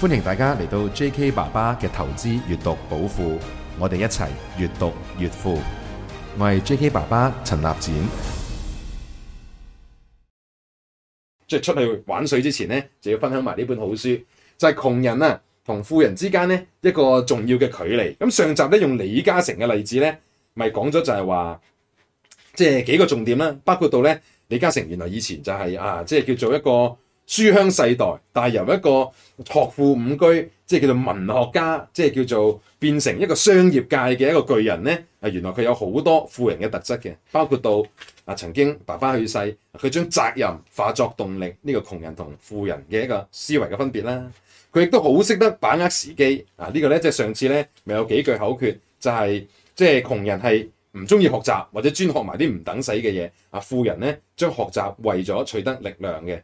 歡迎大家嚟到 J.K. 爸爸嘅投資閱讀寶庫，我哋一齊閱讀越富。我係 J.K. 爸爸陳立展。即係出去玩水之前呢，就要分享埋呢本好書，就係窮人啊同富人之間咧一個重要嘅距離。咁上集咧用李嘉誠嘅例子呢，咪講咗就係話，即係幾個重點啦，包括到呢，李嘉誠原來以前就係啊，即係叫做一個。書香世代，但係由一個學富五車，即係叫做文學家，即係叫做變成一個商業界嘅一個巨人呢啊，原來佢有好多富人嘅特質嘅，包括到啊曾經爸爸去世，佢將責任化作動力，呢個窮人同富人嘅一個思維嘅分別啦。佢亦都好識得把握時機啊！呢個呢，即係上次呢咪有幾句口訣，就係即係窮人係唔中意學習或者專學埋啲唔等使嘅嘢啊，富人呢，將學習為咗取得力量嘅。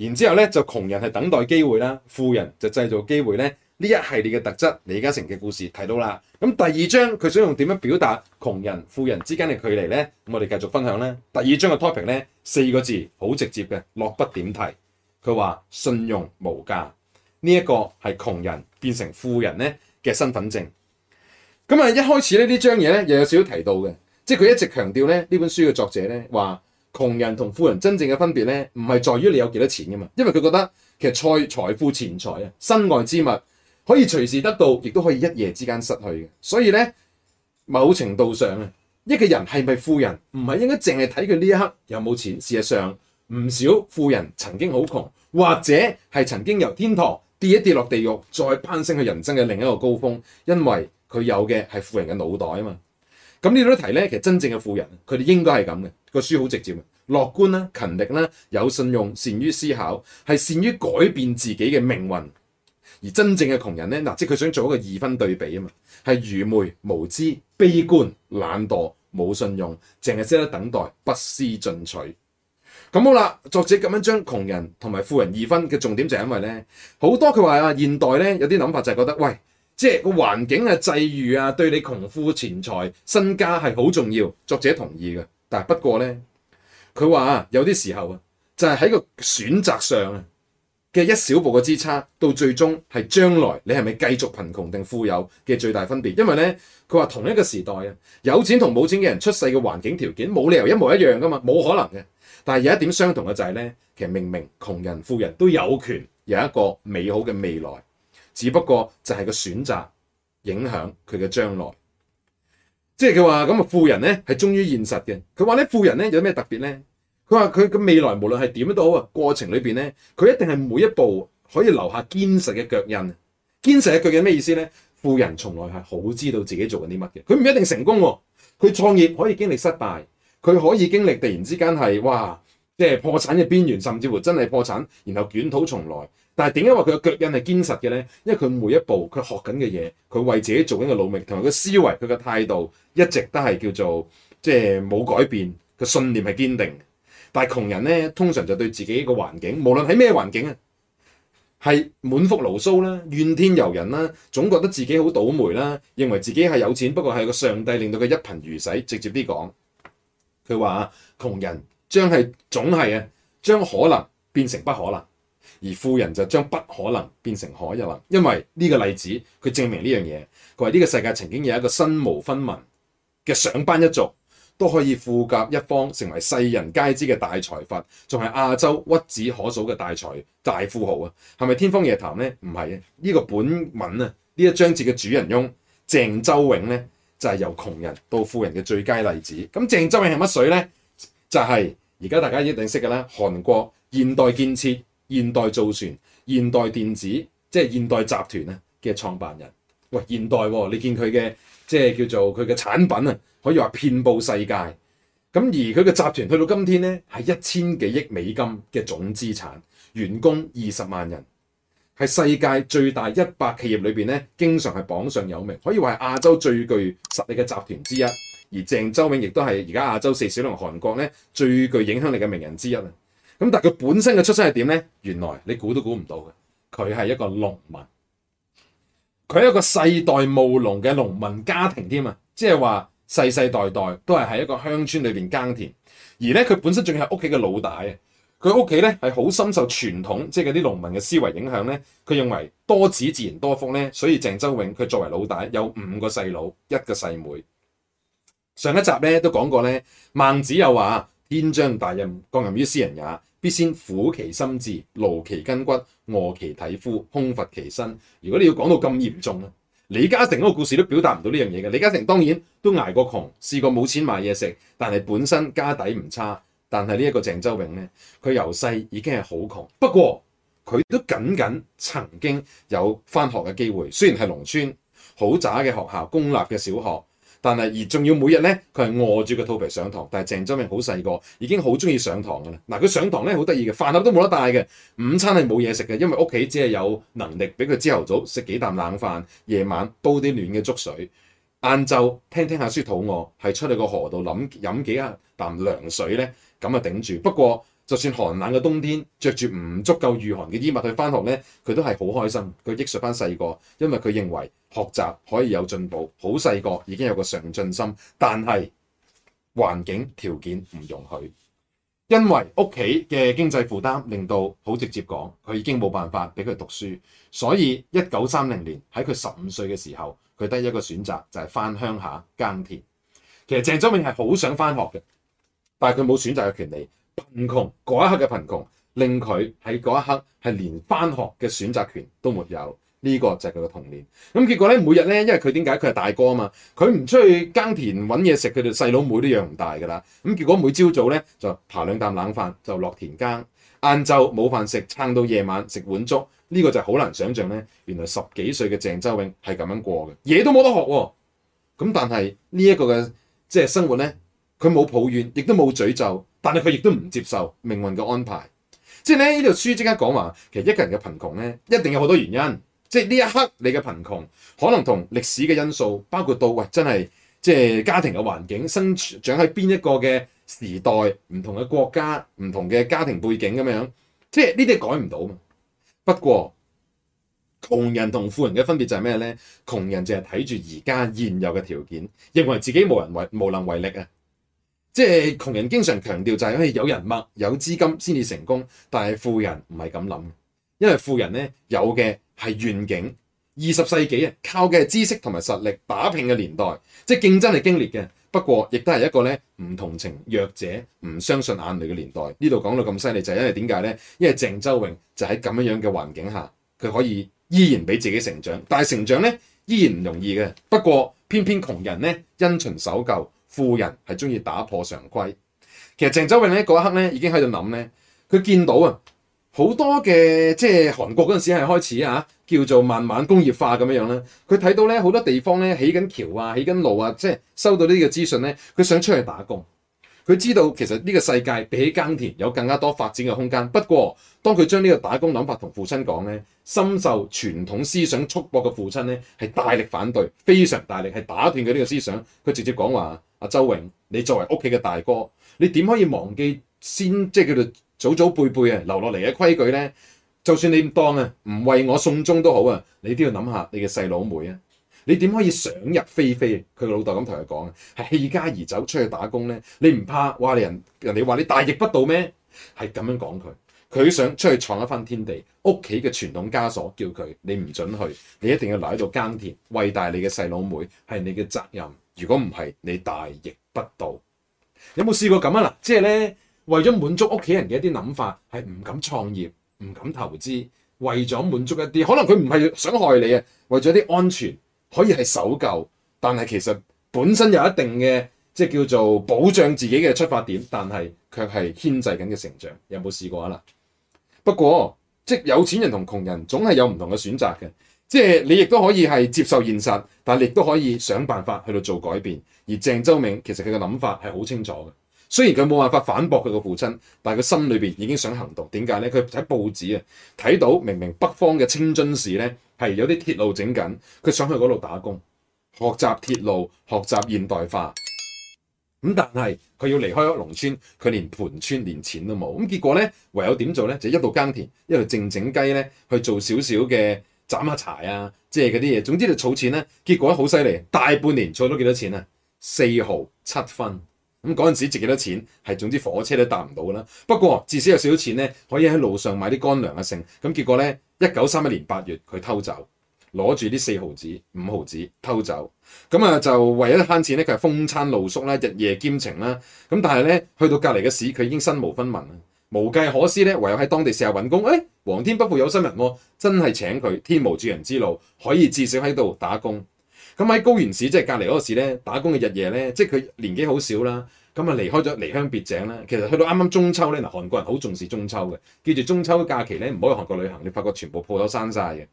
然之後咧，就窮人係等待機會啦，富人就製造機會咧。呢一系列嘅特質，李嘉誠嘅故事提到啦。咁第二章佢想用點樣表達窮人富人之間嘅距離呢？我哋繼續分享咧。第二章嘅 topic 呢，四個字好直接嘅，落筆點題。佢話信用無價，呢一個係窮人變成富人咧嘅身份證。咁啊，一開始咧呢張嘢咧又有少少提到嘅，即係佢一直強調咧呢本書嘅作者呢話。說窮人同富人真正嘅分別呢，唔係在於你有幾多錢㗎嘛，因為佢覺得其實財富錢財啊身外之物，可以隨時得到，亦都可以一夜之間失去嘅。所以呢，某程度上啊，一個人係咪富人，唔係應該淨係睇佢呢一刻有冇錢。事實上，唔少富人曾經好窮，或者係曾經由天堂跌一跌落地獄，再攀升去人生嘅另一個高峰，因為佢有嘅係富人嘅腦袋嘛。咁呢度啲題咧，其實真正嘅富人，佢哋應該係咁嘅，個書好直接嘅，樂觀啦、啊，勤力啦、啊，有信用，善於思考，係善於改變自己嘅命運。而真正嘅窮人呢，即係佢想做一個二分對比啊嘛，係愚昧、無知、悲觀、懶惰、無信用，淨係識得等待，不思進取。咁、嗯、好啦，作者咁樣將窮人同埋富人二分嘅重點就係因為呢，好多佢話啊，現代咧有啲諗法就係覺得，喂。即係個環境嘅際遇啊，對你窮富、錢財、身家係好重要。作者同意嘅，但係不過呢，佢話有啲時候啊，就係、是、喺個選擇上啊嘅一小步嘅之差，到最終係將來你係咪繼續貧窮定富有嘅最大分別。因為呢，佢話同一個時代啊，有錢同冇錢嘅人出世嘅環境條件冇理由一模一樣噶嘛，冇可能嘅。但係有一點相同嘅就係、是、呢，其實明明窮人富人都有權有一個美好嘅未來。只不過就係個選擇影響佢嘅將來，即係佢話咁啊，富人呢係忠於現實嘅。佢話呢，富人呢有咩特別呢？佢話佢嘅未來無論係點都好啊，過程裏邊呢，佢一定係每一步可以留下堅實嘅腳印。堅實嘅腳印咩意思呢？富人從來係好知道自己做緊啲乜嘅。佢唔一定成功啊，佢創業可以經歷失敗，佢可以經歷突然之間係哇，即係破產嘅邊緣，甚至乎真係破產，然後捲土重來。但係點解話佢嘅腳印係堅實嘅呢？因為佢每一步，佢學緊嘅嘢，佢為自己做緊嘅努力，同埋佢思維佢嘅態度一直都係叫做即係冇改變。個信念係堅定。但係窮人呢，通常就對自己一個環境，無論喺咩環境啊，係滿腹牢騷啦，怨天尤人啦，總覺得自己好倒霉啦，認為自己係有錢，不過係個上帝令到佢一貧如洗。直接啲講，佢話啊，窮人將係總係啊，將可能變成不可能。而富人就將不可能變成可一能，因為呢個例子佢證明呢樣嘢。佢話呢個世界曾經有一個身無分文嘅上班一族，都可以富甲一方，成為世人皆知嘅大財閥，仲係亞洲屈指可數嘅大財大富豪啊！係咪天方夜譚呢？唔係啊！呢、這個本文啊，呢一章節嘅主人翁鄭周永呢，就係、是、由窮人到富人嘅最佳例子。咁、嗯、鄭周永係乜水呢？就係而家大家一定識嘅啦，韓國現代建設。現代造船、現代電子，即係現代集團啊嘅創辦人。喂，現代喎、啊，你見佢嘅即係叫做佢嘅產品啊，可以話遍佈世界。咁而佢嘅集團去到今天呢，係一千幾億美金嘅總資產，員工二十萬人，係世界最大一百企業裏邊呢，經常係榜上有名，可以話係亞洲最具實力嘅集團之一。而鄭周永亦都係而家亞洲四小龍韓國呢最具影響力嘅名人之一啊！咁但係佢本身嘅出身係點咧？原來你估都估唔到嘅，佢係一個農民，佢係一個世代務農嘅農民家庭添啊！即係話世世代代都係喺一個鄉村裏邊耕田，而咧佢本身仲要係屋企嘅老大啊！佢屋企咧係好深受傳統即係嗰啲農民嘅思維影響咧，佢認為多子自然多福咧，所以鄭周永佢作為老大有五個細佬一個細妹。上一集咧都講過咧，孟子又話：天將大任降任於斯人也。必先苦其心志，勞其筋骨，餓其體膚，空乏其身。如果你要講到咁嚴重咧，李嘉誠嗰個故事都表達唔到呢樣嘢嘅。李嘉誠當然都挨過窮，試過冇錢買嘢食，但係本身家底唔差。但係呢一個鄭周永咧，佢由細已經係好窮，不過佢都僅僅曾經有返學嘅機會，雖然係農村好渣嘅學校，公立嘅小學。但係而仲要每日咧，佢係餓住個肚皮上堂。但係鄭周永好細個，已經好中意上堂嘅啦。嗱、啊，佢上堂咧好得意嘅，飯盒都冇得帶嘅，午餐係冇嘢食嘅，因為屋企只係有能力俾佢朝頭早食幾啖冷飯，夜晚煲啲暖嘅粥水，晏晝聽聽下書肚餓，係出去個河度諗飲幾下啖涼水咧，咁啊頂住。不過就算寒冷嘅冬天，着住唔足夠御寒嘅衣物去翻學咧，佢都係好開心。佢憶述翻細個，因為佢認為，學習可以有進步，好細個已經有個上進心，但係環境條件唔容許，因為屋企嘅經濟負擔令到好直接講，佢已經冇辦法俾佢讀書。所以一九三零年喺佢十五歲嘅時候，佢得一個選擇就係翻鄉下耕田。其實鄭周永係好想翻學嘅，但係佢冇選擇嘅權利。貧窮嗰一刻嘅貧窮令佢喺嗰一刻係連翻學嘅選擇權都沒有。呢個就係佢嘅童年咁、嗯，結果咧，每日咧，因為佢點解佢係大哥啊嘛，佢唔出去耕田揾嘢食，佢哋細佬妹都養唔大㗎啦。咁、嗯、結果每朝早咧就爬兩啖冷飯就落田耕，晏晝冇飯食撐到夜晚食碗粥。呢、這個就好難想象咧，原來十幾歲嘅鄭周永係咁樣過嘅嘢都冇得學喎、哦。咁、嗯、但係呢一個嘅即係生活咧，佢冇抱怨，亦都冇詛咒，但係佢亦都唔接受命運嘅安排。即係咧呢條、這個、書即刻講話，其實一個人嘅貧窮咧一定有好多原因。即係呢一刻你嘅貧窮，可能同歷史嘅因素，包括到喂真係即係家庭嘅環境，生長喺邊一個嘅時代，唔同嘅國家，唔同嘅家庭背景咁樣，即係呢啲改唔到嘛。不過窮人同富人嘅分別就係咩呢？窮人淨係睇住而家現有嘅條件，認為自己無人為，無能為力啊。即係窮人經常強調就係，誒有人脈、有資金先至成功。但係富人唔係咁諗。因為富人呢，有嘅係願景，二十世紀啊，靠嘅係知識同埋實力打拼嘅年代，即係競爭係激烈嘅。不過亦都係一個呢唔同情弱者、唔相信眼淚嘅年代。呢度講到咁犀利就係、是、因為點解呢？因為鄭周永就喺咁樣樣嘅環境下，佢可以依然俾自己成長，但係成長呢，依然唔容易嘅。不過偏偏窮人呢，因循守舊，富人係鍾意打破常規。其實鄭周永呢嗰一刻呢已經喺度諗呢，佢見到啊。好多嘅即係韓國嗰陣時係開始啊，叫做慢慢工業化咁樣樣啦。佢睇到咧好多地方咧起緊橋啊、起緊路啊，即係收到呢個資訊咧，佢想出去打工。佢知道其實呢個世界比起耕田有更加多發展嘅空間。不過當佢將呢個打工諗法同父親講咧，深受傳統思想束縛嘅父親咧係大力反對，非常大力係打斷佢呢個思想。佢直接講話：阿周永，你作為屋企嘅大哥，你點可以忘記先即係叫做？祖祖輩輩啊，留落嚟嘅規矩呢，就算你唔當啊唔為我送終都好啊，你都要諗下你嘅細佬妹啊！你點可以想入非非？佢個老豆咁同佢講，係棄家而走出去打工呢。你唔怕？哇！人人哋話你大逆不道咩？係咁樣講佢，佢想出去闖一番天地，屋企嘅傳統枷鎖叫佢，你唔准去，你一定要留喺度耕田餵大你嘅細佬妹，係你嘅責任。如果唔係，你大逆不道。有冇試過咁啊？嗱，即係呢。為咗滿足屋企人嘅一啲諗法，係唔敢創業、唔敢投資。為咗滿足一啲，可能佢唔係想害你啊。為咗啲安全，可以係守舊，但係其實本身有一定嘅，即係叫做保障自己嘅出發點，但係卻係牽制緊嘅成長。有冇試過啊？啦，不過即有錢人同窮人總係有唔同嘅選擇嘅。即係你亦都可以係接受現實，但係亦都可以想辦法去到做改變。而鄭周永其實佢嘅諗法係好清楚嘅。雖然佢冇辦法反駁佢個父親，但係佢心裏邊已經想行動。點解咧？佢喺報紙啊睇到明明北方嘅清津市咧係有啲鐵路整緊，佢想去嗰度打工，學習鐵路，學習現代化。咁但係佢要離開屋農村，佢連盤川連錢都冇。咁結果咧，唯有點做咧？就是、一路耕田，一路靜靜雞咧，去做少少嘅斬下柴啊，即係嗰啲嘢。總之就儲錢咧。結果好犀利，大半年儲咗幾多錢啊？四毫七分。咁嗰陣時值幾多錢？係總之火車都搭唔到啦。不過至少有少少錢咧，可以喺路上買啲乾糧嘅、啊、剩。咁結果咧，一九三一年八月佢偷走，攞住啲四毫子、五毫子偷走。咁啊就為咗慳錢，佢係風餐露宿，日夜兼程啦。咁但係咧，去到隔離嘅市，佢已經身無分文啦，無計可施咧，唯有喺當地試下揾工。誒、哎，皇天不負有心人、啊，真係請佢。天無絕人之路，可以至少喺度打工。咁喺高原市，即係隔離嗰個市咧，打工嘅日夜咧，即係佢年紀好少啦。咁啊，離開咗離鄉別井啦。其實去到啱啱中秋咧，嗱，韓國人好重視中秋嘅，記住中秋假期咧，唔好去韓國旅行，你發覺全部鋪頭閂晒嘅，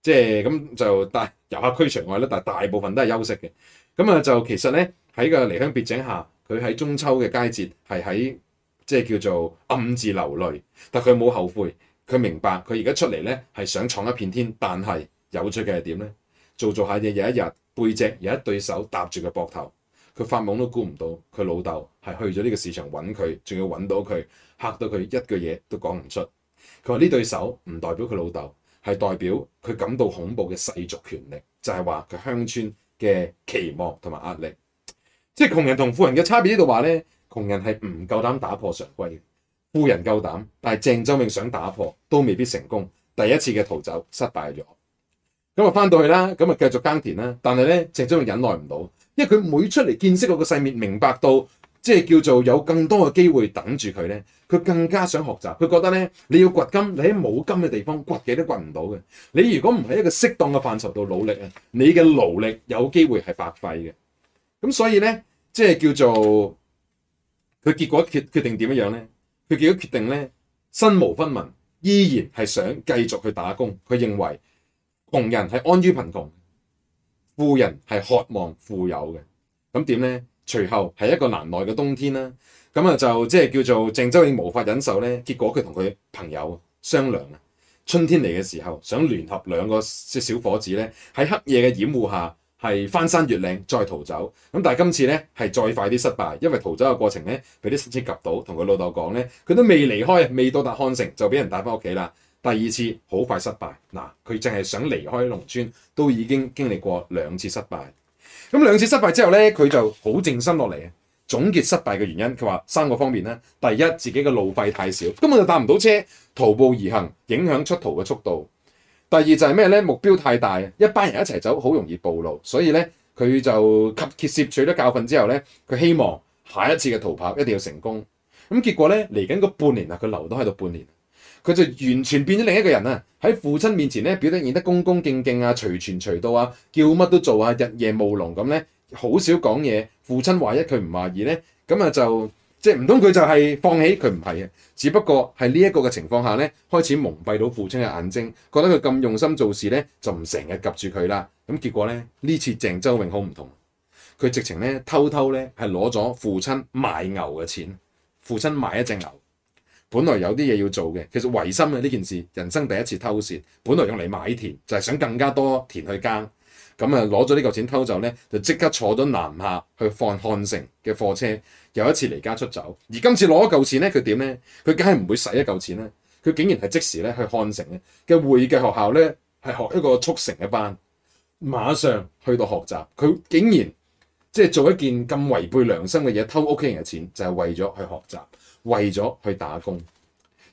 即係咁就但遊客區除外啦，但大部分都係休息嘅。咁啊，就其實咧喺個離鄉別井下，佢喺中秋嘅佳節係喺即係叫做暗自流淚，但佢冇後悔，佢明白佢而家出嚟咧係想闖一片天，但係有趣嘅係點咧？做做下嘢，有一日背脊有一對手搭住佢膊頭，佢發懵都估唔到，佢老豆係去咗呢個市場揾佢，仲要揾到佢，嚇到佢一句嘢都講唔出。佢話呢對手唔代表佢老豆，係代表佢感到恐怖嘅世俗權力，就係話佢鄉村嘅期望同埋壓力。即係窮人同富人嘅差別呢度話呢，窮人係唔夠膽打破常規，富人夠膽，但係鄭周永想打破都未必成功。第一次嘅逃走失敗咗。咁啊，翻到去啦，咁啊，繼續耕田啦。但係咧，鄭周永忍耐唔到，因為佢每出嚟見識個世面，明白到即係叫做有更多嘅機會等住佢咧，佢更加想學習。佢覺得咧，你要掘金，你喺冇金嘅地方掘嘢都掘唔到嘅。你如果唔喺一個適當嘅範疇度努力啊，你嘅勞力有機會係白費嘅。咁所以咧，即係叫做佢結果決決定點樣樣咧？佢結果決定咧身無分文，依然係想繼續去打工。佢認為。窮人係安於貧窮，富人係渴望富有嘅。咁點咧？隨後係一個難耐嘅冬天啦。咁啊就即係叫做鄭周永無法忍受呢，結果佢同佢朋友商量啊，春天嚟嘅時候，想聯合兩個小伙子呢，喺黑夜嘅掩護下，係翻山越嶺再逃走。咁但係今次呢係再快啲失敗，因為逃走嘅過程呢，俾啲親戚及到，同佢老豆講呢，佢都未離開啊，未到達漢城就俾人帶翻屋企啦。第二次好快失敗，嗱，佢淨係想離開農村，都已經經歷過兩次失敗。咁兩次失敗之後呢，佢就好靜心落嚟啊，總結失敗嘅原因。佢話三個方面呢，第一，自己嘅路費太少，根本就搭唔到車，徒步而行，影響出逃嘅速度。第二就係咩呢？目標太大，一班人一齊走，好容易暴露。所以呢，佢就汲取攝取咗教訓之後呢，佢希望下一次嘅逃跑一定要成功。咁結果呢，嚟緊個半年啊，佢留到喺度半年。佢就完全變咗另一個人啊！喺父親面前咧，表得現得恭恭敬敬啊，隨傳隨到啊，叫乜都做啊，日夜務農咁咧，好少講嘢。父親懷疑佢唔懷疑咧，咁啊就即係唔通佢就係放棄佢唔係啊？只不過係呢一個嘅情況下咧，開始蒙蔽到父親嘅眼睛，覺得佢咁用心做事咧，就唔成日及住佢啦。咁結果咧，呢次鄭周永好唔同，佢直情咧偷偷咧係攞咗父親賣牛嘅錢，父親賣一隻牛。本來有啲嘢要做嘅，其實違心嘅呢件事，人生第一次偷竊。本來用嚟買田，就係想更加多田去耕。咁啊，攞咗呢嚿錢偷走呢就即刻坐咗南下去放漢城嘅貨車，又一次離家出走。而今次攞一嚿錢呢，佢點呢？佢梗係唔會使一嚿錢呢，佢竟然係即時咧去漢城嘅會計學校呢係學一個速成嘅班，馬上去到學習。佢竟然即係做一件咁違背良心嘅嘢，偷屋企人嘅錢，就係為咗去學習。為咗去打工，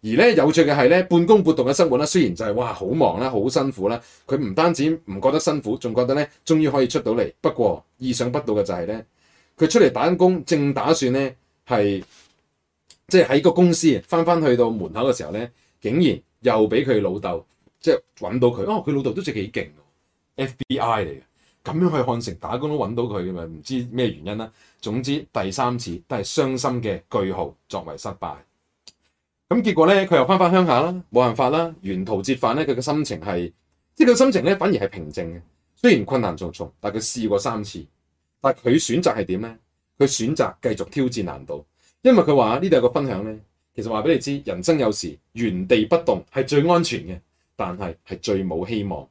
而咧有趣嘅係咧半工半讀嘅生活咧，雖然就係話哇好忙啦，好辛苦啦，佢唔單止唔覺得辛苦，仲覺得咧終於可以出到嚟。不過意想不到嘅就係咧，佢出嚟打工，正打算咧係即係喺個公司返返去到門口嘅時候咧，竟然又俾佢老豆即係揾到佢。哦，佢老豆都真係幾勁，FBI 嚟嘅。咁樣去漢城打工都揾到佢嘅，咪唔知咩原因啦。總之第三次都係傷心嘅句號作為失敗。咁結果咧佢又翻返鄉下啦，冇辦法啦。沿途折返咧，佢嘅心情係，即係佢心情咧反而係平靜嘅。雖然困難重重，但佢試過三次，但佢選擇係點咧？佢選擇繼續挑戰難度，因為佢話呢度有個分享咧。其實話俾你知，人生有時原地不動係最安全嘅，但係係最冇希望。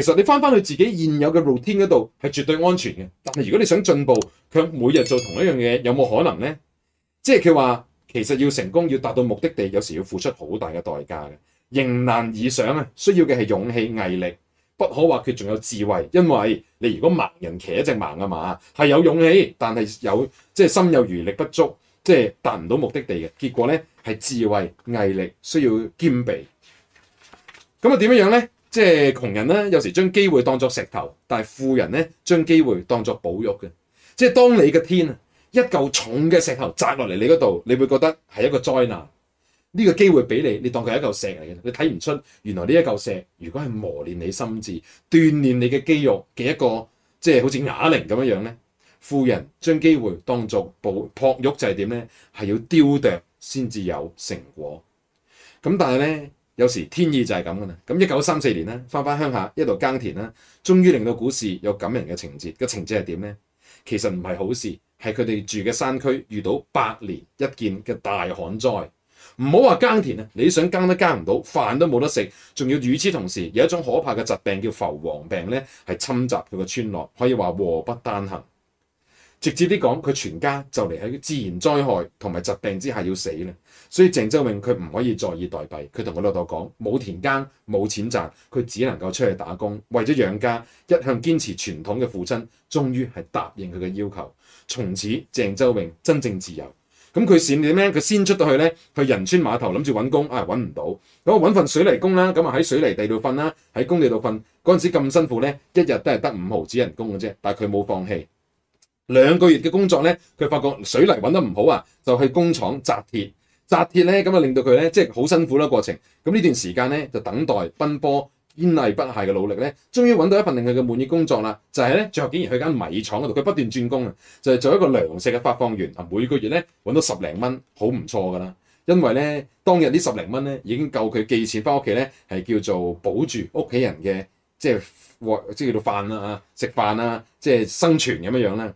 其實你翻翻去自己現有嘅 routine 嗰度係絕對安全嘅，但係如果你想進步，佢每日做同一樣嘢有冇可能呢？即係佢話，其實要成功要達到目的地，有時要付出好大嘅代價嘅，迎難而上啊，需要嘅係勇氣毅力，不可或缺仲有智慧，因為你如果盲人騎一隻盲啊馬，係有勇氣，但係有即係心有餘力不足，即係達唔到目的地嘅。結果咧係智慧毅力需要兼備，咁啊點樣樣咧？即係窮人咧，有時將機會當作石頭，但係富人咧將機會當作寶玉嘅。即係當你嘅天啊，一嚿重嘅石頭砸落嚟你嗰度，你會覺得係一個災難。呢個機會俾你，你當佢係一嚿石嚟嘅，你睇唔出原來呢一嚿石如果係磨練你心智、鍛鍊你嘅肌肉嘅一個，即係好似啞鈴咁樣樣咧。富人將機會當做寶璞玉就係點咧？係要雕琢先至有成果。咁但係咧。有時天意就係咁噶啦。咁一九三四年呢，翻翻鄉下一路耕田啦，終於令到股市有感人嘅情節。個情節係點呢？其實唔係好事，係佢哋住嘅山區遇到百年一見嘅大旱災，唔好話耕田啊，你想耕都耕唔到，飯都冇得食，仲要與此同時有一種可怕嘅疾病叫浮黃病呢，係侵襲佢個村落，可以話禍不單行。直接啲講，佢全家就嚟喺自然災害同埋疾病之下要死啦。所以鄭周永佢唔可以坐以待斃。佢同佢老豆講：冇田耕，冇錢賺，佢只能夠出去打工，為咗養家。一向堅持傳統嘅父親，終於係答應佢嘅要求。從此鄭周永真正自由。咁佢先點咩？佢先出到去咧，去仁川碼頭諗住揾工啊，哎，揾唔到咁我揾份水泥工啦。咁啊喺水泥地度瞓啦，喺工地度瞓嗰陣時咁辛苦咧，一日都係得五毫紙人工嘅啫。但係佢冇放棄。兩個月嘅工作咧，佢發覺水泥揾得唔好啊，就去工廠紮鐵。紮鐵咧，咁啊令到佢咧，即係好辛苦啦過程。咁呢段時間咧，就等待奔波、堅毅不懈嘅努力咧，終於揾到一份令佢嘅滿意工作啦。就係咧，最後竟然去間米廠嗰度，佢不斷轉工啊，就係、是、做一個糧食嘅發放員啊。每個月咧，揾到十零蚊，好唔錯㗎啦。因為咧，當日十呢十零蚊咧，已經夠佢寄錢翻屋企咧，係叫做保住屋企人嘅，即係或即係叫做飯啦啊，食飯啊，即係生存咁樣樣咧。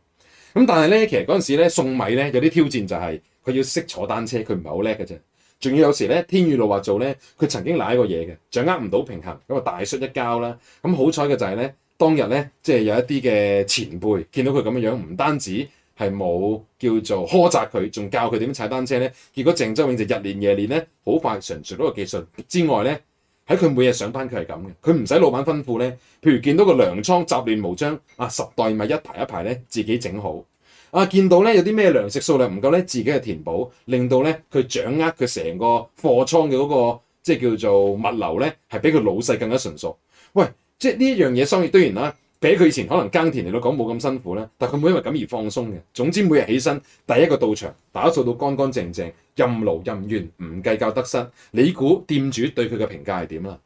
咁、嗯、但係呢，其實嗰陣時呢送米呢有啲挑戰，就係佢要識坐單車，佢唔係好叻嘅啫。仲要有時呢，天雨路話做呢，佢曾經瀨過嘢嘅，掌握唔到平衡，咁啊大摔一跤啦。咁好彩嘅就係呢，當日呢即係有一啲嘅前輩見到佢咁樣樣，唔單止係冇叫做苛責佢，仲教佢點樣踩單車呢。結果鄭周永就日練夜練呢，好快上著嗰個技術之外呢。喺佢每日上班他是這樣的，佢係咁嘅，佢唔使老闆吩咐呢，譬如見到個糧倉雜亂無章，啊，十袋米一排一排呢，自己整好。啊，見到呢有啲咩糧食數量唔夠呢，自己去填補，令到呢，佢掌握佢成個貨倉嘅嗰、那個即叫做物流呢，係比佢老細更加純熟。喂，即係呢一樣嘢商業當然啦、啊。比佢以前可能耕田嚟到講冇咁辛苦啦。但係佢冇因為咁而放鬆嘅。總之每日起身第一個到場，打掃到乾乾淨淨，任勞任怨，唔計較得失。你估店主對佢嘅評價係點啦？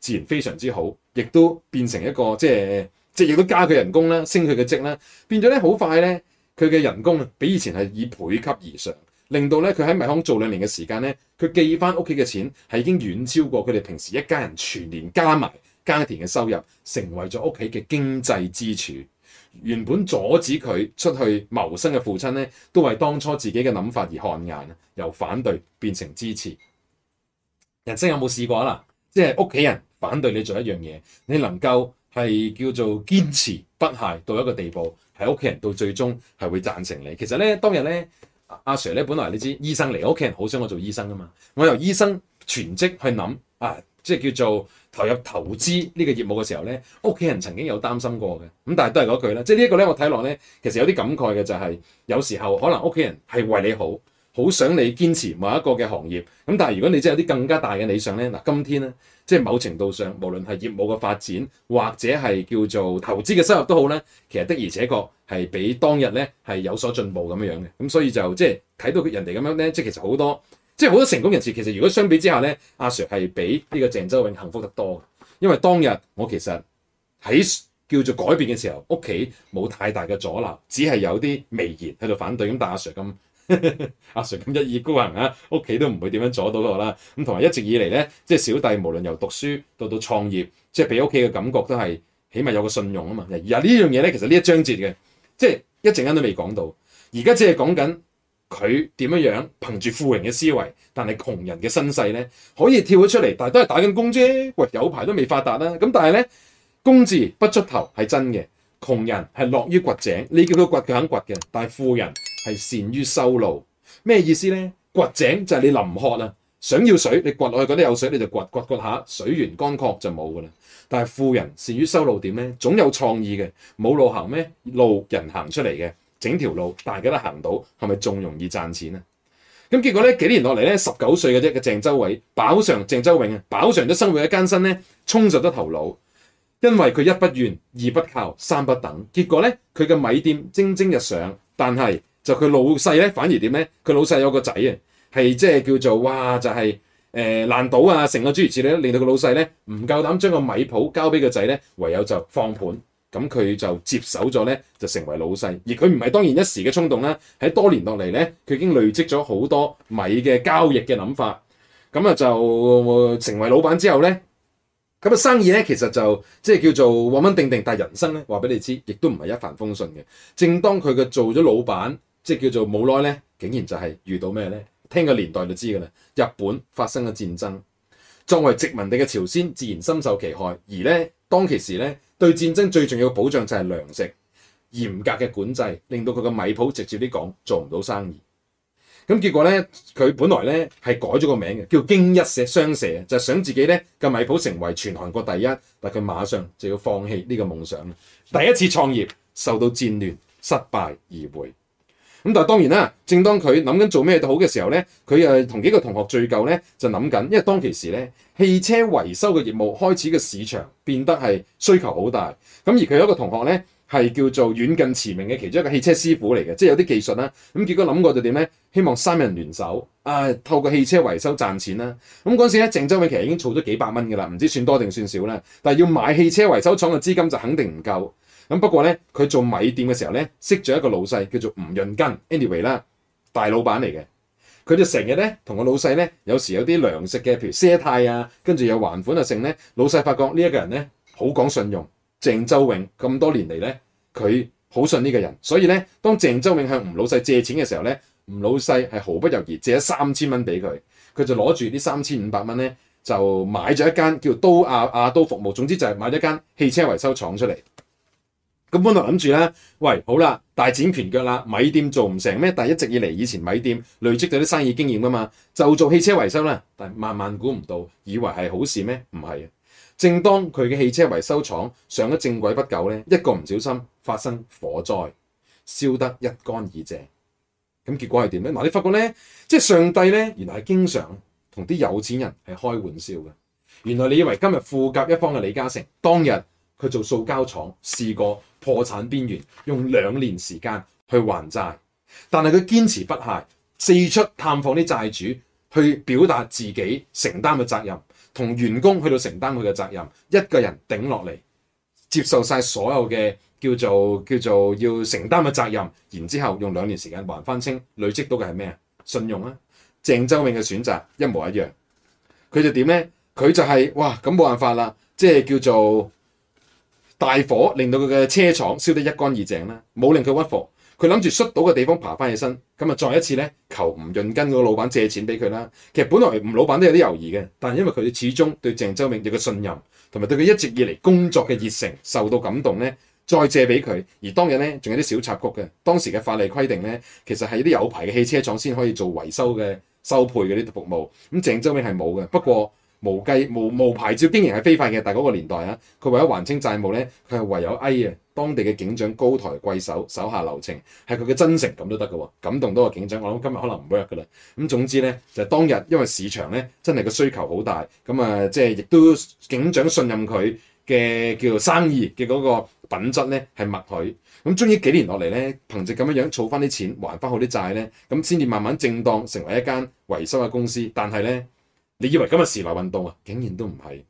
自然非常之好，亦都變成一個即係即係亦都加佢人工啦，升佢嘅職啦，變咗咧好快咧，佢嘅人工啊比以前係以倍級而上，令到咧佢喺米行做兩年嘅時間咧，佢寄翻屋企嘅錢係已經遠超過佢哋平時一家人全年加埋。家庭嘅收入成為咗屋企嘅經濟支柱。原本阻止佢出去謀生嘅父親呢，都為當初自己嘅諗法而汗顏，由反對變成支持。人生有冇試過啦、啊？即係屋企人反對你做一樣嘢，你能夠係叫做堅持不懈到一個地步，係屋企人到最終係會贊成你。其實呢，當日呢，阿、啊、Sir 咧，本來你知醫生嚟，屋企人好想我做醫生㗎嘛。我由醫生全職去諗啊。即係叫做投入投資呢個業務嘅時候呢，屋企人曾經有擔心過嘅，咁但係都係嗰句啦。即係呢一個呢。我睇落呢，其實有啲感慨嘅就係，有時候可能屋企人係為你好，好想你堅持某一個嘅行業，咁但係如果你真係有啲更加大嘅理想呢，嗱，今天呢，即係某程度上，無論係業務嘅發展或者係叫做投資嘅收入都好呢，其實的而且確係比當日呢係有所進步咁樣嘅。咁所以就即係睇到人哋咁樣呢，即係其實好多。即係好多成功人士，其實如果相比之下咧，阿 Sir 係比呢個鄭周永幸福得多嘅。因為當日我其實喺叫做改變嘅時候，屋企冇太大嘅阻撓，只係有啲微言喺度反對。咁但阿 Sir 咁，阿 Sir 咁一意孤行啊，屋企都唔會點樣阻到我啦。咁同埋一直以嚟咧，即係小弟無論由讀書到到創業，即係俾屋企嘅感覺都係起碼有個信用啊嘛。而呢樣嘢咧，其實呢一章節嘅，即係一陣間都未講到，而家只係講緊。佢點樣樣憑住富人嘅思維，但係窮人嘅身世咧，可以跳咗出嚟，但係都係打緊工啫。喂，有排都未發達啦。咁但係呢，工字不出頭係真嘅。窮人係樂於掘井，你叫佢掘，佢肯掘嘅。但係富人係善於修路，咩意思呢？掘井就係你臨渴啊，想要水，你掘落去嗰啲有水，你就掘掘掘下，水源乾涸就冇噶啦。但係富人善於修路點呢？總有創意嘅，冇路行咩？路人行出嚟嘅。整條路，大家都行到，係咪仲容易賺錢啊？咁結果咧，幾年落嚟咧，十九歲嘅啫嘅鄭周偉，飽嘗鄭周永啊，飽嘗咗生活一艱辛咧，充實咗頭腦，因為佢一不怨，二不靠，三不等。結果咧，佢嘅米店蒸蒸日上，但係就佢老細咧，反而點咧？佢老細有個仔啊，係即係叫做哇，就係、是、誒、呃、爛賭啊，成個諸如此類，令到個老細咧唔夠膽將個米鋪交俾個仔咧，唯有就放盤。咁佢就接手咗呢，就成為老細。而佢唔係當然一時嘅衝動啦，喺多年落嚟呢，佢已經累積咗好多米嘅交易嘅諗法。咁啊就成為老闆之後呢，咁嘅、那個、生意呢，其實就即係叫做穩穩定定。但人生呢，話俾你知，亦都唔係一帆風順嘅。正當佢嘅做咗老闆，即係叫做冇耐呢，竟然就係遇到咩呢？聽個年代就知㗎喇，日本發生咗戰爭，作為殖民地嘅朝鮮，自然深受其害。而呢，當其時呢。對戰爭最重要的保障就係糧食，嚴格嘅管制令到佢嘅米鋪直接啲講做唔到生意，咁結果呢佢本來呢係改咗個名叫京一社商社，就係、是、想自己呢嘅米鋪成為全韓國第一，但佢馬上就要放棄呢個夢想，第一次創業受到戰亂失敗而回。咁但係當然啦，正當佢諗緊做咩都好嘅時候呢，佢誒同幾個同學聚舊呢就諗緊，因為當其時呢，汽車維修嘅業務開始嘅市場變得係需求好大。咁而佢有一個同學呢，係叫做遠近馳名嘅其中一個汽車師傅嚟嘅，即係有啲技術啦、啊。咁結果諗過就點咧？希望三人聯手啊，透過汽車維修賺錢啦、啊。咁嗰陣時咧，鄭周永其實已經儲咗幾百蚊嘅啦，唔知道算多定算少咧。但係要買汽車維修廠嘅資金就肯定唔夠。咁不過咧，佢做米店嘅時候咧，識咗一個老細叫做吳潤根，anyway 啦，大老闆嚟嘅。佢就成日咧同個老細咧，有時有啲糧食嘅，譬如賒貸啊，跟住又還款啊剩咧。老細發覺呢一個人咧好講信用，鄭周永咁多年嚟咧，佢好信呢個人，所以咧當鄭周永向吳老細借錢嘅時候咧，吳老細係毫不猶豫借咗三千蚊俾佢。佢就攞住呢三千五百蚊咧，就買咗一間叫做都亞亞、啊啊、都服務，總之就係買咗間汽車維修廠出嚟。咁本來諗住咧，喂，好啦，大展拳腳啦，米店做唔成咩？但係一直以嚟，以前米店累積咗啲生意經驗噶嘛，就做汽車維修啦。但係萬萬估唔到，以為係好事咩？唔係啊！正當佢嘅汽車維修廠上咗正軌不久咧，一個唔小心發生火災，燒得一乾二淨。咁結果係點咧？嗱，你發覺咧，即係上帝咧，原來係經常同啲有錢人係開玩笑嘅。原來你以為今日富甲一方嘅李嘉誠，當日佢做塑膠廠試過。破產邊緣，用兩年時間去還債，但係佢堅持不懈，四出探訪啲債主，去表達自己承擔嘅責任，同員工去到承擔佢嘅責任，一個人頂落嚟，接受晒所有嘅叫做叫做要承擔嘅責任，然之後用兩年時間還翻清，累積到嘅係咩啊？信用啊！鄭周永嘅選擇一模一樣，佢就點呢？佢就係，哇咁冇辦法啦，即係叫做。大火令到佢嘅車廠燒得一乾二淨啦，冇令佢屈服。佢諗住摔到嘅地方爬翻起身，咁啊再一次求吳潤根個老闆借錢俾佢啦。其實本來吳老闆都有啲猶豫嘅，但係因為佢始終對鄭周永對佢信任，同埋對佢一直以嚟工作嘅熱誠受到感動咧，再借俾佢。而當日呢，仲有啲小插曲嘅，當時嘅法例規定呢，其實係啲有牌嘅汽車廠先可以做維修嘅修配嗰啲服務，咁鄭周永係冇嘅。不過無，無，無牌照經營係非法嘅，但係嗰個年代啊，佢為咗還清債務咧，佢係唯有哀啊！當地嘅警長高抬貴手，手下留情，係佢嘅真誠咁都得嘅喎，感動到個警長。我諗今日可能唔 work 嘅啦。咁總之呢，就係、是、當日因為市場咧真係個需求好大，咁、嗯、啊、呃、即係亦都警長信任佢嘅叫做生意嘅嗰個品質呢係默許。咁、嗯、終於幾年落嚟呢，憑藉咁樣樣儲返啲錢還返好啲債呢，咁先至慢慢正當成為一間維修嘅公司。但係呢。你以為今日時來運動啊，竟然都唔係。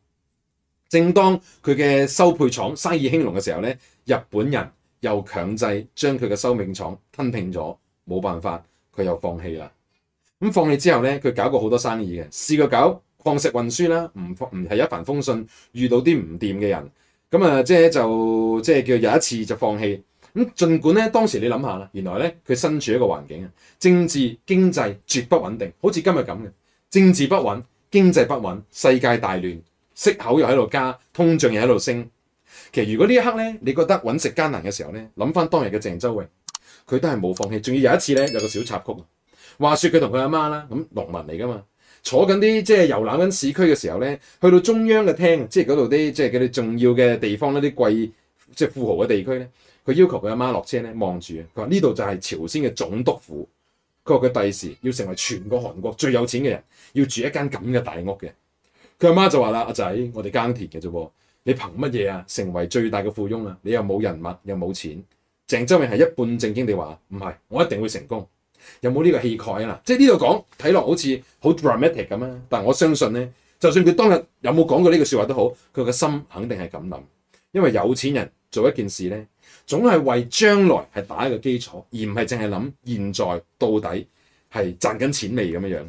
正當佢嘅收配廠生意興隆嘅時候呢，日本人又強制將佢嘅收命廠吞併咗，冇辦法，佢又放棄啦。咁放棄之後呢，佢搞過好多生意嘅，試過搞礦石運輸啦，唔唔係一帆風順，遇到啲唔掂嘅人，咁啊即係就即係叫有一次就放棄。咁盡管咧，當時你諗下啦，原來咧佢身處一個環境啊，政治經濟絕不穩定，好似今日咁嘅政治不穩。經濟不穩，世界大亂，息口又喺度加，通脹又喺度升。其實如果呢一刻咧，你覺得揾食艱難嘅時候呢，諗翻當日嘅鄭周永，佢都係冇放棄。仲要有一次呢，有個小插曲。話說佢同佢阿媽啦，咁農民嚟噶嘛，坐緊啲即係遊覽緊市區嘅時候呢，去到中央嘅廳，即係嗰度啲即係嗰啲重要嘅地方嗰啲貴即係富豪嘅地區呢，佢要求佢阿媽落車呢，望住佢話呢度就係朝鮮嘅總督府。佢話：佢第時要成為全個韓國最有錢嘅人，要住一間咁嘅大屋嘅。佢阿媽就話啦：阿仔，我哋耕田嘅啫噃，你憑乜嘢啊成為最大嘅富翁啊？你又冇人物，又冇錢。鄭周永係一半正經地話：唔係，我一定會成功。有冇呢個氣概啊？嗱，即係呢度講睇落好似好 dramatic 咁啊！但我相信咧，就算佢當日有冇講過呢句説話都好，佢個心肯定係咁諗，因為有錢人做一件事咧。總係為將來係打一個基礎，而唔係淨係諗現在到底係賺緊錢未咁樣。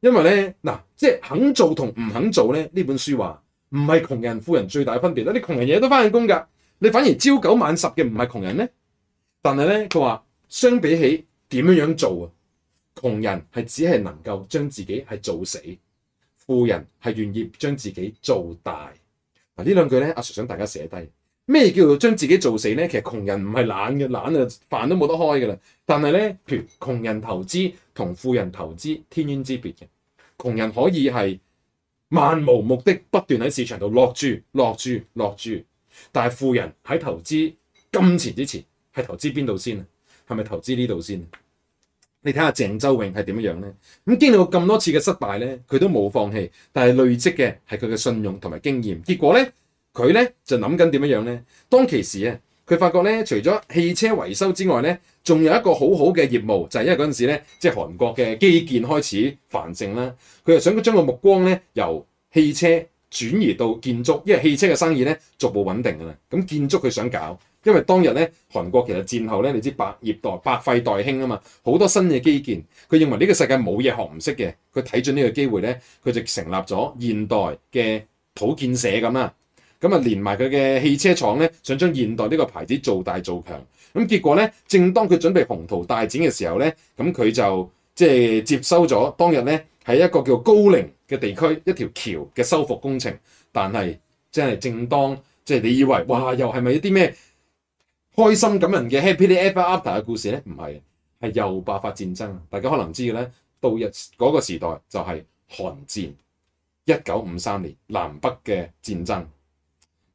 因為呢，嗱，即係肯做同唔肯做咧，呢本書話唔係窮人富人最大的分別啦。啲窮人嘢都返緊工㗎，你反而朝九晚十嘅唔係窮人呢？但係呢，佢話相比起點樣樣做啊，窮人係只係能夠將自己係做死，富人係願意將自己做大。嗱，呢兩句呢，阿 Sir 想大家寫低。咩叫做將自己做死呢？其實窮人唔係懶嘅，懶就飯都冇得開㗎喇。但係呢，譬如窮人投資同富人投資天淵之別嘅。窮人可以係漫無目的不斷喺市場度落注、落注、落注。但係富人喺投資金錢之前，係投資邊度先啊？係咪投資呢度先啊？你睇下鄭周永係點樣呢？咁經歷過咁多次嘅失敗呢，佢都冇放棄，但係累積嘅係佢嘅信用同埋經驗。結果呢。佢咧就諗緊點樣樣咧？當其時啊，佢發覺呢，除咗汽車維修之外呢，仲有一個好好嘅業務，就係因為嗰陣時咧，即係韓國嘅基建開始繁盛啦。佢又想將個目光呢，由汽車轉移到建築，因為汽車嘅生意呢，逐步穩定㗎啦。咁建築佢想搞，因為當日呢，韓國其實戰後呢，你知百業待百廢待興啊嘛，好多新嘅基建。佢認為呢個世界冇嘢學唔識嘅，佢睇準呢個機會呢，佢就成立咗現代嘅土建社咁啊。咁啊，連埋佢嘅汽車廠咧，想將現代呢個牌子做大做強。咁結果咧，正當佢準備宏圖大展嘅時候咧，咁佢就即係、就是、接收咗當日咧喺一個叫高陵嘅地區一條橋嘅修復工程。但係真係正當即係、就是、你以為哇，又係咪一啲咩開心感人嘅 Happy The Ever After 嘅故事咧？唔係，係又爆發戰爭。大家可能知嘅咧，到日嗰、那個時代就係、是、韓戰一九五三年南北嘅戰爭。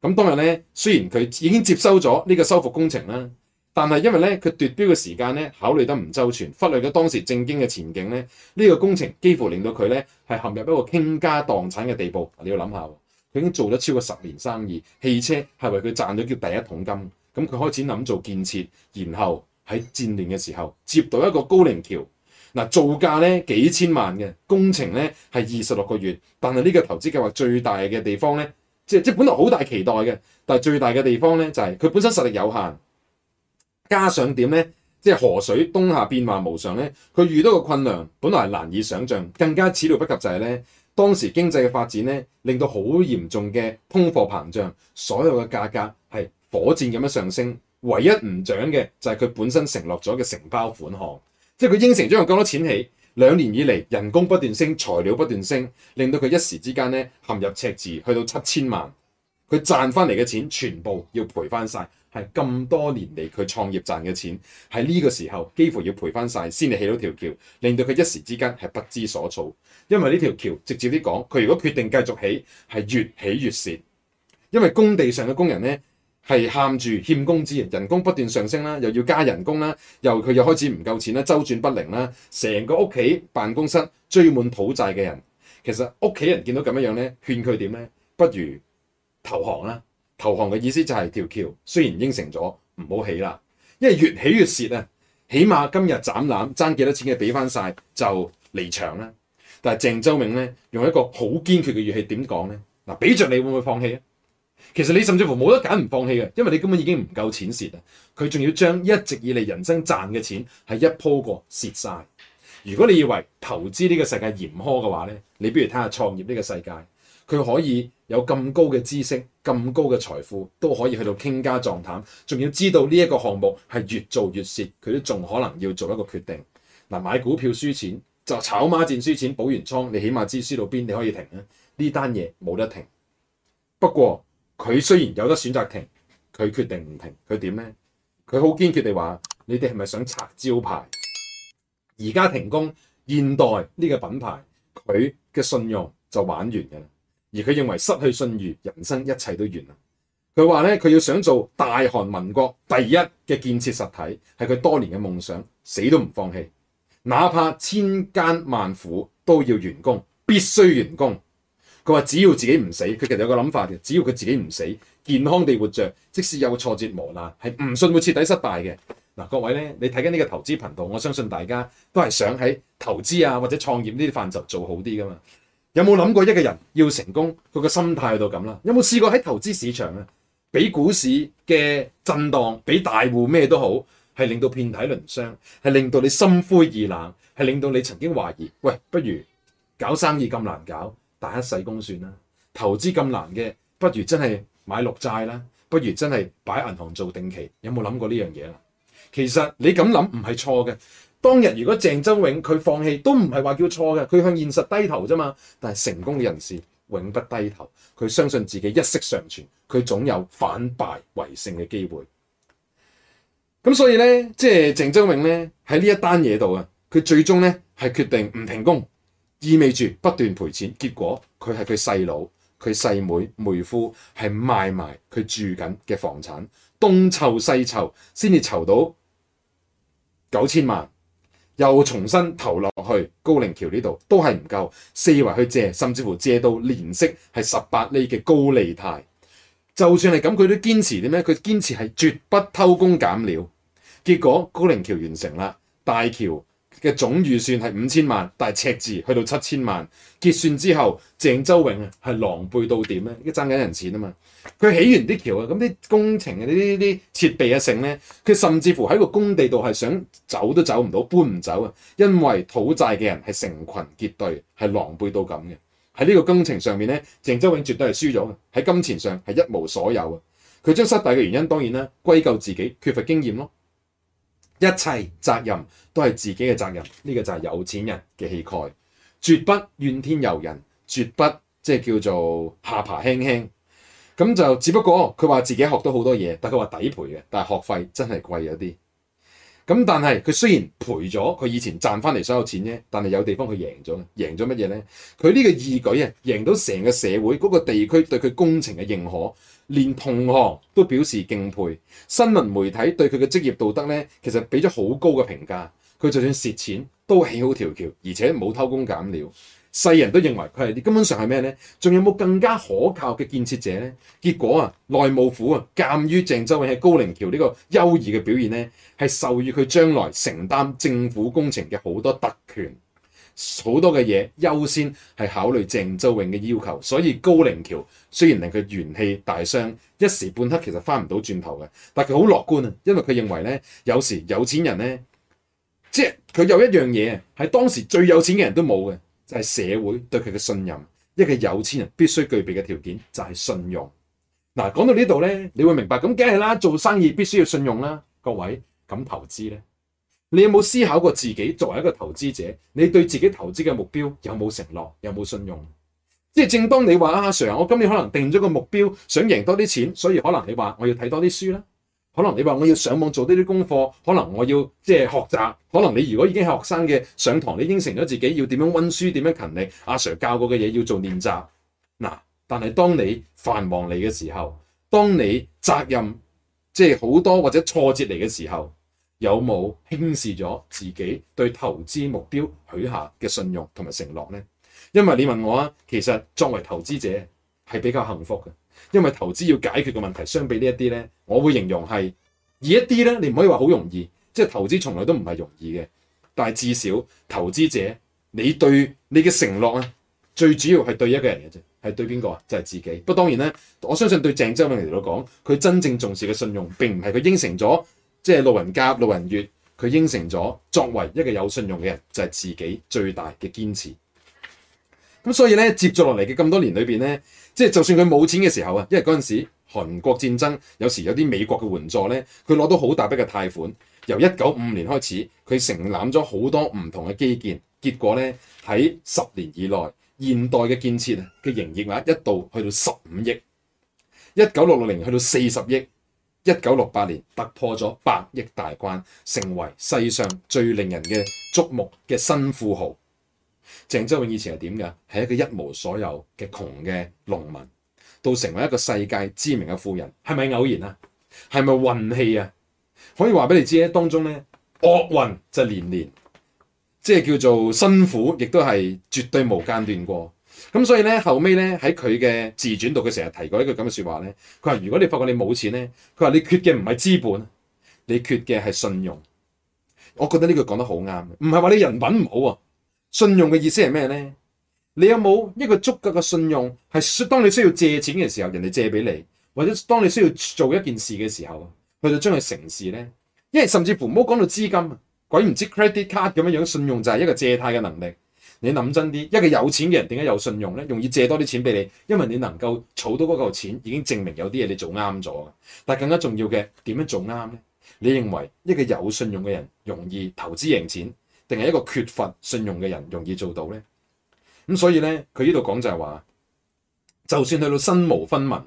咁當日咧，雖然佢已經接收咗呢個修復工程啦，但係因為咧佢奪標嘅時間咧考慮得唔周全，忽略咗當時政經嘅前景咧，呢個工程幾乎令到佢咧係陷入一個傾家蕩產嘅地步。你要諗下佢已經做咗超過十年生意，汽車係為佢賺咗叫第一桶金。咁佢開始諗做建設，然後喺戰亂嘅時候接到一個高靈橋，嗱造價咧幾千萬嘅工程咧係二十六個月，但係呢個投資計劃最大嘅地方咧。即係本來好大期待嘅，但係最大嘅地方呢，就係、是、佢本身實力有限，加上點呢，即係河水冬夏變化無常呢，佢遇到嘅困難本來係難以想象，更加始料不及就係咧當時經濟嘅發展呢，令到好嚴重嘅通貨膨脹，所有嘅價格係火箭咁樣上升，唯一唔漲嘅就係佢本身承諾咗嘅承包款項，即係佢應承咗用咁多錢起。兩年以嚟，人工不斷升，材料不斷升，令到佢一時之間咧陷入赤字，去到七千萬。佢賺翻嚟嘅錢全部要賠翻晒。係咁多年嚟佢創業賺嘅錢，喺呢個時候幾乎要賠翻晒，先至起到條橋，令到佢一時之間係不知所措。因為呢條橋直接啲講，佢如果決定繼續起，係越起越蝕，因為工地上嘅工人咧。係喊住欠工資，人工不斷上升啦，又要加人工啦，又佢又開始唔夠錢啦，周轉不靈啦，成個屋企辦公室追滿討債嘅人，其實屋企人見到咁樣樣咧，勸佢點咧？不如投降啦！投降嘅意思就係條橋，雖然應承咗唔好起啦，因為越起越蝕啊。起碼今日斬攬爭幾多錢嘅俾翻晒，就離場啦。但係鄭周永咧用一個好堅決嘅語氣點講咧？嗱，俾着你會唔會放棄啊？其實你甚至乎冇得揀唔放棄嘅，因為你根本已經唔夠錢蝕啦。佢仲要將一直以嚟人生賺嘅錢係一鋪過蝕晒。如果你以為投資呢個世界嚴苛嘅話呢，你不如睇下創業呢個世界，佢可以有咁高嘅知識、咁高嘅財富，都可以去到傾家蕩產，仲要知道呢一個項目係越做越蝕，佢都仲可能要做一個決定。嗱，買股票輸錢就炒孖展輸錢，補完倉你起碼知輸到邊你可以停啊。呢單嘢冇得停。不過，佢雖然有得選擇停，佢決定唔停，佢點呢？佢好堅決地話：你哋係咪想拆招牌？而家停工，現代呢個品牌佢嘅信用就玩完嘅啦。而佢認為失去信譽，人生一切都完啦。佢話咧：佢要想做大韓民國第一嘅建設實體，係佢多年嘅夢想，死都唔放棄，哪怕千艱萬苦都要完工，必須完工。佢話：只要自己唔死，佢其實有個諗法嘅。只要佢自己唔死，健康地活着，即使有挫折磨難，係唔信會徹底失敗嘅。嗱，各位呢，你睇緊呢個投資頻道，我相信大家都係想喺投資啊或者創業呢啲範疇做好啲㗎嘛。有冇諗過一個人要成功，佢個心態去到咁啦？有冇試過喺投資市場呀，俾股市嘅震盪，俾大戶咩都好，係令到遍體鱗傷，係令到你心灰意冷，係令到你曾經懷疑，喂，不如搞生意咁難搞？打一世工算啦，投資咁難嘅，不如真係買綠債啦，不如真係擺銀行做定期，有冇諗過呢樣嘢啦？其實你咁諗唔係錯嘅。當日如果鄭周永佢放棄，都唔係話叫錯嘅，佢向現實低頭啫嘛。但係成功嘅人士永不低頭，佢相信自己一息尚存，佢總有反敗為勝嘅機會。咁所以呢，即係鄭周永呢喺呢一單嘢度啊，佢最終呢係決定唔停工。意味住不斷賠錢，結果佢係佢細佬、佢細妹、妹、妹夫係賣賣佢住緊嘅房產，東湊西湊先至籌到九千萬，又重新投落去高靈橋呢度都係唔夠，四圍去借，甚至乎借到年息係十八厘嘅高利貸。就算係咁，佢都堅持啲咩？佢堅持係絕不偷工減料。結果高靈橋完成啦，大橋。嘅總預算係五千萬，但係赤字去到七千萬。結算之後，鄭周永係狼狽到點咧？佢爭緊人錢啊嘛！佢起完啲橋啊，咁啲工程啊，呢啲設備啊剩咧，佢甚至乎喺個工地度係想走都走唔到，搬唔走啊！因為討債嘅人係成群結隊，係狼狽到咁嘅。喺呢個工程上面咧，鄭周永絕對係輸咗嘅，喺金錢上係一無所有啊！佢將失敗嘅原因當然咧歸咎自己缺乏經驗咯。一切責任都係自己嘅責任，呢個就係有錢人嘅氣概，絕不怨天尤人，絕不即係叫做下巴輕輕。咁就只不過佢話自己學到好多嘢，但佢話抵賠嘅，但係學費真係貴咗啲。咁但係佢雖然賠咗佢以前賺返嚟所有錢啫，但係有地方佢贏咗，贏咗乜嘢呢？佢呢個義舉啊，贏到成個社會嗰個地區對佢工程嘅認可。連同行都表示敬佩，新聞媒體對佢嘅職業道德呢，其實俾咗好高嘅評價。佢就算蝕錢都起好條橋，而且冇偷工減料。世人都認為佢係根本上係咩呢？仲有冇更加可靠嘅建設者呢？結果啊，內務府啊，鑑於鄭周永喺高陵橋呢個優異嘅表現呢，係授予佢將來承擔政府工程嘅好多特權。好多嘅嘢優先係考慮鄭周永嘅要求，所以高靈橋雖然令佢元氣大傷，一時半刻其實翻唔到轉頭嘅，但佢好樂觀啊，因為佢認為呢，有時有錢人呢，即係佢有一樣嘢係當時最有錢嘅人都冇嘅，就係社會對佢嘅信任，一個有錢人必須具備嘅條件就係信用。嗱，講到呢度呢，你會明白，咁梗係啦，做生意必須要信用啦，各位咁投資呢。你有冇思考過自己作為一個投資者，你對自己投資嘅目標有冇承諾，有冇信用？即係正當你話阿 Sir 我今年可能定咗個目標，想贏多啲錢，所以可能你話我要睇多啲書啦，可能你話我要上網做呢啲功課，可能我要即係學習，可能你如果已經係學生嘅，上堂，你應承咗自己要點樣溫書，點樣勤力，阿 Sir 教過嘅嘢要做練習。嗱，但係當你繁忙嚟嘅時候，當你責任即係好多或者挫折嚟嘅時候，有冇輕視咗自己對投資目標許下嘅信用同埋承諾呢？因為你問我啊，其實作為投資者係比較幸福嘅，因為投資要解決嘅問題相比呢一啲呢，我會形容係以一啲呢，你唔可以話好容易，即係投資從來都唔係容易嘅。但係至少投資者你對你嘅承諾啊，最主要係對一個人嘅啫，係對邊個就係自己。不過當然呢，我相信對鄭周永嚟講，佢真正重視嘅信用並唔係佢應承咗。即係路人甲、路人乙，佢應承咗，作為一個有信用嘅人，就係自己最大嘅堅持。咁所以咧，接住落嚟嘅咁多年裏邊咧，即係就算佢冇錢嘅時候啊，因為嗰陣時韓國戰爭，有時有啲美國嘅援助咧，佢攞到好大筆嘅貸款。由一九五五年開始，佢承攬咗好多唔同嘅基建，結果咧喺十年以內，現代嘅建設啊，嘅營業額一度去到十五億，一九六六年去到四十億。一九六八年突破咗百億大關，成為世上最令人嘅矚目嘅新富豪。鄭周永以前係點嘅？係一個一無所有嘅窮嘅農民，到成為一個世界知名嘅富人，係咪偶然啊？係咪運氣啊？可以話俾你知咧，當中呢，惡運就連連，即係叫做辛苦，亦都係絕對無間斷過。咁所以咧，後尾咧，喺佢嘅自傳度，佢成日提過一句咁嘅說話咧。佢話，如果你發覺你冇錢咧，佢話你缺嘅唔係資本，你缺嘅係信用。我覺得呢句講得好啱，唔係話你人品唔好啊。信用嘅意思係咩咧？你有冇一個足夠嘅信用，係當你需要借錢嘅時候，人哋借俾你，或者當你需要做一件事嘅時候，佢就將佢成事咧。因為甚至乎唔好講到資金，鬼唔知 credit card 咁樣樣，信用就係一個借貸嘅能力。你諗真啲，一個有錢嘅人點解有信用呢？容易借多啲錢俾你，因為你能夠儲到嗰嚿錢，已經證明有啲嘢你做啱咗。但更加重要嘅，點樣做啱呢？你認為一個有信用嘅人容易投資贏錢，定係一個缺乏信用嘅人容易做到呢？咁所以呢，佢呢度講就係話，就算去到身無分文、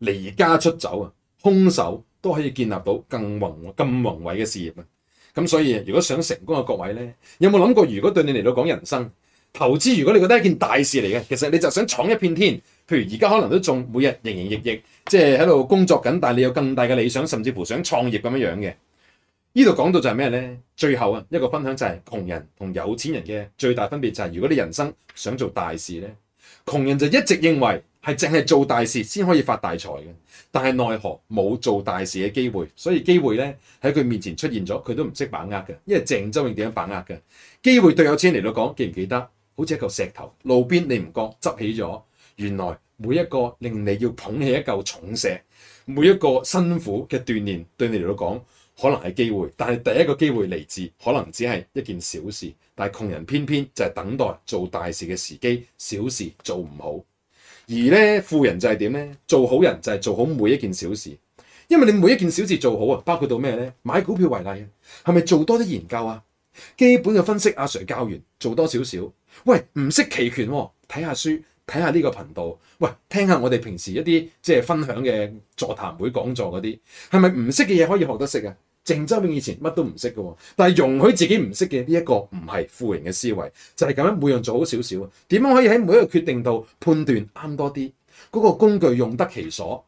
離家出走啊，空手都可以建立到更宏、更宏偉嘅事業啊。咁、嗯、所以，如果想成功嘅各位呢，有冇諗過，如果對你嚟到講人生？投資如果你覺得係一件大事嚟嘅，其實你就想闖一片天。譬如而家可能都仲每日營營役役，即係喺度工作緊，但係你有更大嘅理想，甚至乎想創業咁樣樣嘅。呢度講到就係咩呢？最後啊，一個分享就係窮人同有錢人嘅最大分別就係、是，如果你人生想做大事呢，窮人就一直認為係淨係做大事先可以發大財嘅，但係奈何冇做大事嘅機會，所以機會呢，喺佢面前出現咗，佢都唔識把握嘅。因為鄭周永點樣把握嘅機會？對有錢人嚟到講，記唔記得？好似一嚿石頭，路邊你唔覺執起咗，原來每一個令你要捧起一嚿重石，每一個辛苦嘅鍛鍊對你嚟講可能係機會，但係第一個機會嚟自可能只係一件小事，但係窮人偏偏就係等待做大事嘅時機，小事做唔好，而咧富人就係點咧？做好人就係做好每一件小事，因為你每一件小事做好啊，包括到咩咧？買股票為例，係咪做多啲研究啊？基本嘅分析阿、啊、Sir 教完，做多少少。喂，唔識期權喎、啊，睇下書，睇下呢個頻道，喂，聽下我哋平時一啲即係分享嘅座談會講座嗰啲，係咪唔識嘅嘢可以學得識啊？鄭周永以前乜都唔識嘅喎，但係容許自己唔識嘅呢一個唔係富人嘅思維，就係、是、咁樣每樣做好少少啊，點樣可以喺每一個決定度判斷啱多啲，嗰、那個工具用得其所。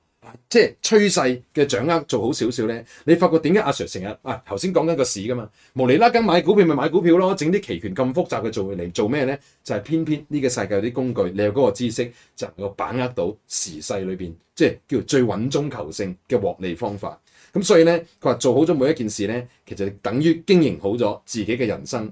即係趨勢嘅掌握做好少少呢。你發覺點解阿 Sir 成日啊，頭先講緊個市噶嘛，無厘啦更買股票咪買股票咯，整啲期權咁複雜嘅做嚟做咩呢？就係偏偏呢個世界啲工具，你有嗰個知識就能夠把握到時勢裏邊，即係叫做最穩中求勝嘅獲利方法。咁所以呢，佢話做好咗每一件事呢，其實等於經營好咗自己嘅人生。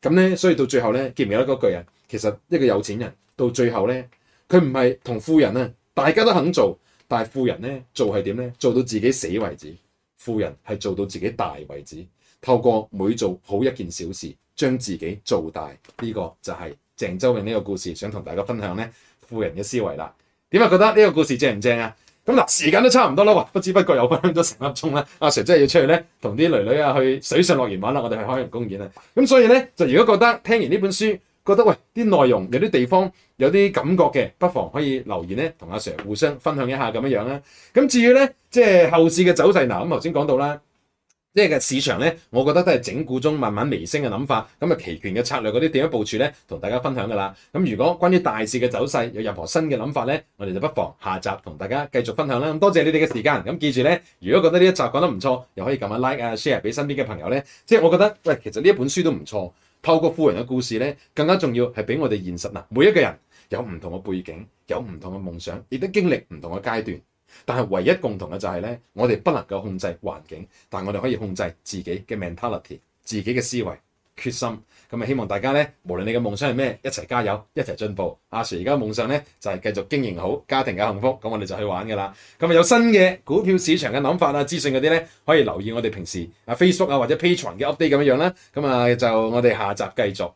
咁呢，所以到最後呢，記唔記得嗰句呀？其實一個有錢人到最後呢，佢唔係同富人啊，大家都肯做。但係富人咧做係點咧？做到自己死為止。富人係做到自己大為止。透過每做好一件小事，將自己做大。呢個就係鄭周永呢個故事，想同大家分享咧富人嘅思維啦。點啊覺得呢個故事正唔正啊？咁嗱，時間都差唔多啦，哇！不知不覺又分享咗成粒鐘啦。阿 Sir 真係要出去咧，同啲女女啊去水上樂園玩啦。我哋去海洋公園啊。咁所以咧，就如果覺得聽完呢本書，覺得喂啲內容有啲地方有啲感覺嘅，不妨可以留言咧，同阿 Sir 互相分享一下咁樣樣啦。咁至於咧，即係後市嘅走勢，嗱咁頭先講到啦，即係嘅市場咧，我覺得都係整固中慢慢微升嘅諗法。咁啊，期權嘅策略嗰啲點樣部署咧，同大家分享噶啦。咁如果關於大市嘅走勢有任何新嘅諗法咧，我哋就不妨下集同大家繼續分享啦。咁多謝你哋嘅時間。咁記住咧，如果覺得呢一集講得唔錯，又可以撳下 like 啊 share 俾身邊嘅朋友咧。即係我覺得喂，其實呢一本書都唔錯。透過富人嘅故事呢，更加重要係俾我哋現實嗱，每一個人有唔同嘅背景，有唔同嘅夢想，亦都經歷唔同嘅階段。但係唯一共同嘅就係呢：我哋不能夠控制環境，但我哋可以控制自己嘅 mentality，自己嘅思維。決心咁啊！希望大家咧，無論你嘅夢想係咩，一齊加油，一齊進步。阿 Sir 而家嘅夢想咧，就係、是、繼續經營好家庭嘅幸福。咁我哋就去玩嘅啦。咁有新嘅股票市場嘅諗法啊、資訊嗰啲咧，可以留意我哋平時啊 Facebook 啊或者 Telegram 嘅 update 咁樣啦。咁啊，就我哋下集繼續。